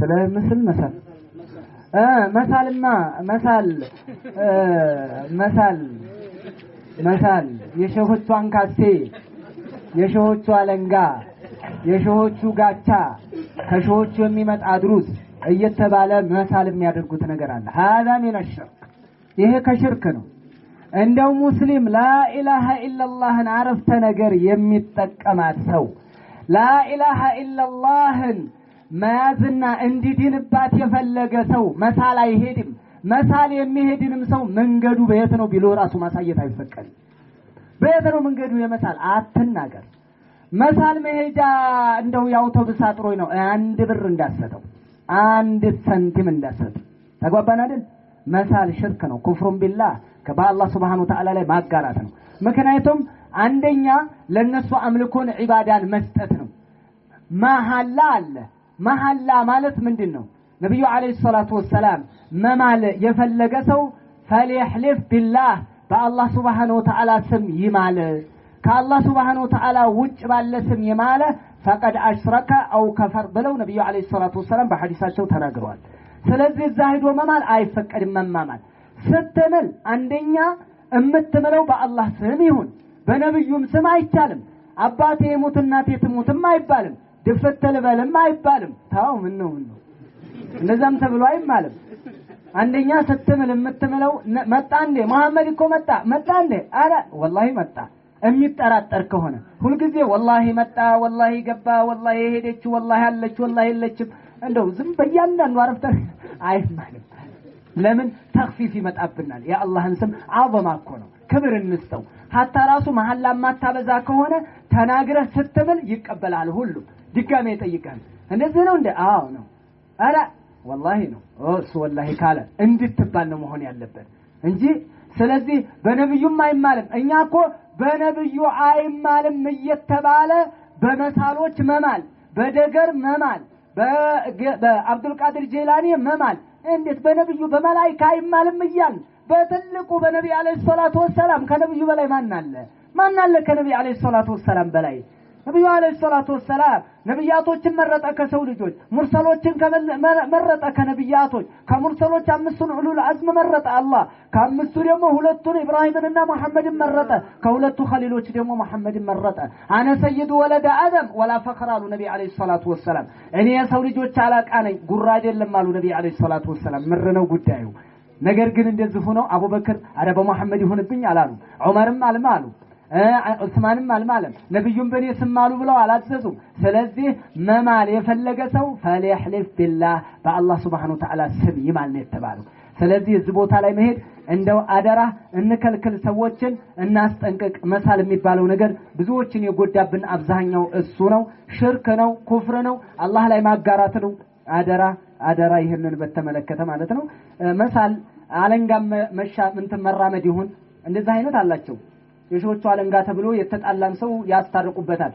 ስለ ምስል መሳል መሳልና መሳል መሳል መሳል የሸሆቹ አንካሴ የሸሆቹ አለንጋ የሸሆቹ ጋቻ ከሸሆቹ የሚመጣ ድሩስ እየተባለ መሳል የሚያደርጉት ነገር አለ። ሀዛ ሚነ ሽርክ፣ ይሄ ከሽርክ ነው። እንደው ሙስሊም ላኢላሃ ኢለላህን አረፍተ ነገር የሚጠቀማት ሰው ላኢላሃ ኢለላህን መያዝና እንዲድንባት የፈለገ ሰው መሳል አይሄድም። መሳል የሚሄድንም ሰው መንገዱ በየት ነው ቢሎ ራሱ ማሳየት አይፈቀድም። በየት ነው መንገዱ የመሳል አትናገር። መሳል መሄጃ እንደው የአውቶብስ አጥሮኝ ነው አንድ ብር እንዳሰጠው አንድ ሰንቲም እንዳሰጠ ተግባባን አይደል? መሳል ሽርክ ነው። ኩፍሩን ቢላ በአላህ ስብሐነሁ ወተዓላ ላይ ማጋራት ነው። ምክንያቱም አንደኛ ለነሱ አምልኮን ዒባዳን መስጠት ነው። መሐላ አለ መሐላ ማለት ምንድን ነው? ነቢዩ ዓለይሂ ሰላቱ ወሰላም መማል የፈለገ ሰው ፈልየሕሊፍ ቢላህ በአላህ ስብሓነ ወተዓላ ስም ይማል። ከአላህ ስብሓነ ወተዓላ ውጭ ባለ ስም የማለ ፈቀድ አሽረከ አው ከፈር ብለው ነቢዩ ዓለይሂ ሰላቱ ወሰላም በሐዲሳቸው ተናግረዋል። ስለዚህ እዛ ሂዶ መማል አይፈቀድም። መማማል ስትምል አንደኛ የምትምለው በአላህ ስም ይሁን፣ በነብዩም ስም አይቻልም። አባቴ የሙት እናቴ ትሙትም አይባልም። ድፍት ትልበልም አይባልም። ታው ምን ነው ምን ነው እንደዛም ተብሎ አይማልም። አንደኛ ስትምል የምትምለው መጣ እንዴ መሐመድ እኮ መጣ መጣ እንዴ አረ ወላሂ መጣ የሚጠራጠር ከሆነ ሁልጊዜ ወላሂ መጣ፣ ወላሂ ገባ፣ ወላሂ ሄደች፣ ወላሂ አለች፣ ወላሂ የለችም እንደው ዝም በእያንዳንዱ አረፍተ አይማልም። ለምን ተክፊፍ ይመጣብናል። የአላህን ስም አበማ እኮ ነው፣ ክብር እንስጠው። ሀታ ራሱ መሀላ ማታበዛ ከሆነ ተናግረህ ስትምል ይቀበላል ሁሉ ድጋሜ ይጠይቃል። እንደዚህ ነው እንደ አዎ ነው፣ አረ ወላሂ ነው እሱ ወላሂ ካለ እንድትባል ነው መሆን ያለበት እንጂ ስለዚህ በነብዩም አይማልም። እኛ እኮ በነብዩ አይማልም እየተባለ በመሳሎች መማል፣ በደገር መማል፣ በአብዱልቃድር ጄላኒ መማል እንዴት በነብዩ በመላይካ አይማልም እያልን በትልቁ በነቢ አለይሂ ሰላቱ ወሰላም ከነብዩ በላይ ማን አለ? ማን አለ ከነቢ አለይሂ ሰላቱ ወሰላም በላይ ነቢዩ አለይሂ ሰላቱ ወሰላም ነቢያቶችን መረጠ ከሰው ልጆች፣ ሙርሰሎችን መረጠ ከነቢያቶች። ከሙርሰሎች አምስቱን ዑሉል አዝም መረጠ አላህ። ከአምስቱ ደግሞ ሁለቱን ኢብራሂምንና መሐመድን መረጠ። ከሁለቱ ኸሊሎች ደግሞ መሐመድን መረጠ። አነ ሰይዱ ወለደ አደም ወላ ፈኽር አሉ ነቢ አለይሂ ሰላቱ ወሰላም። እኔ የሰው ልጆች አለቃ ነኝ፣ ጉራ አይደለም አሉ ነቢ አለይሂ ሰላቱ ወሰላም። ምር ነው ጉዳዩ። ነገር ግን እንደዚህ ሆነው አቡበክር አረ በመሐመድ ይሁንብኝ አላሉ፣ ዑመርም አልማ አሉ ዑስማንም አልማለም። ነቢዩም በእኔ ስም አሉ ብለው አላዘዙም። ስለዚህ መማል የፈለገ ሰው ፈሊሕሊፍ ቢላህ በአላህ ስብሓነሁ ወተዓላ ስም ይማል ነው የተባለው። ስለዚህ እዚህ ቦታ ላይ መሄድ እንደው አደራ እንከልክል፣ ሰዎችን እናስጠንቅቅ። መሳል የሚባለው ነገር ብዙዎችን የጎዳብን አብዛኛው እሱ ነው። ሽርክ ነው፣ ኩፍር ነው፣ አላህ ላይ ማጋራት ነው። አደራ አደራ፣ ይህንን በተመለከተ ማለት ነው። መሳል አለንጋ መሻ እንትን መራመድ ይሁን እንደዚህ አይነት አላቸው የሾቹ አለንጋ ተብሎ የተጣላን ሰው ያስታርቁበታል።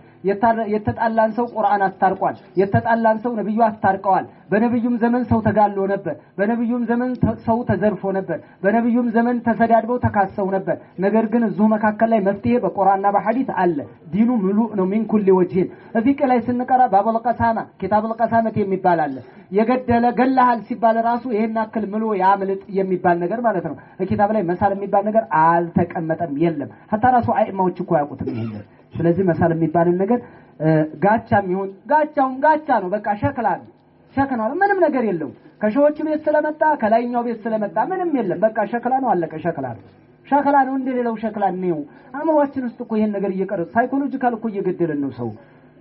የተጣላን ሰው ቁርአን አስታርቋል። የተጣላን ሰው ነብዩ አስታርቀዋል። በነብዩም ዘመን ሰው ተጋሎ ነበር። በነብዩም ዘመን ሰው ተዘርፎ ነበር። በነብዩም ዘመን ተሰዳድበው ተካሰው ነበር። ነገር ግን እዚሁ መካከል ላይ መፍትሄ በቁርአንና በሐዲስ አለ። ዲኑ ምሉእ ነው። ሚን ኩሊ ወጅህን እዚህ ላይ ስንቀራ ባቡል ቀሳማ ኪታቡል ቀሳመት የሚባል አለ። የገደለ ገላሃል ሲባል ራሱ ይሄን አክል ምሎ ያምልጥ የሚባል ነገር ማለት ነው። ኪታብ ላይ መሳል የሚባል ነገር አልተቀመጠም፣ የለም ሀታ ራሱ አይማዎች እኮ አያውቁትም ይሄን። ስለዚህ መሳል የሚባልን ነገር ጋቻም ይሁን ጋቻውም ጋቻ ነው፣ በቃ ሸክላ ነው፣ ሸክላ ነው፣ ምንም ነገር የለው ከሸዎቹ ቤት ስለመጣ ከላይኛው ቤት ስለመጣ ምንም የለም፣ በቃ ሸክላ ነው፣ አለቀ። ሸክላ ነው፣ ሸክላ ነው፣ እንደሌለው ሸክላ ነው። አእምሯችን ውስጥ እኮ ይሄን ነገር እየቀረጽ ሳይኮሎጂካል እኮ እየገደልን ነው ሰው።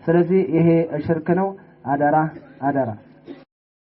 ስለዚህ ይሄ ሽርክ ነው። አደራ አደራ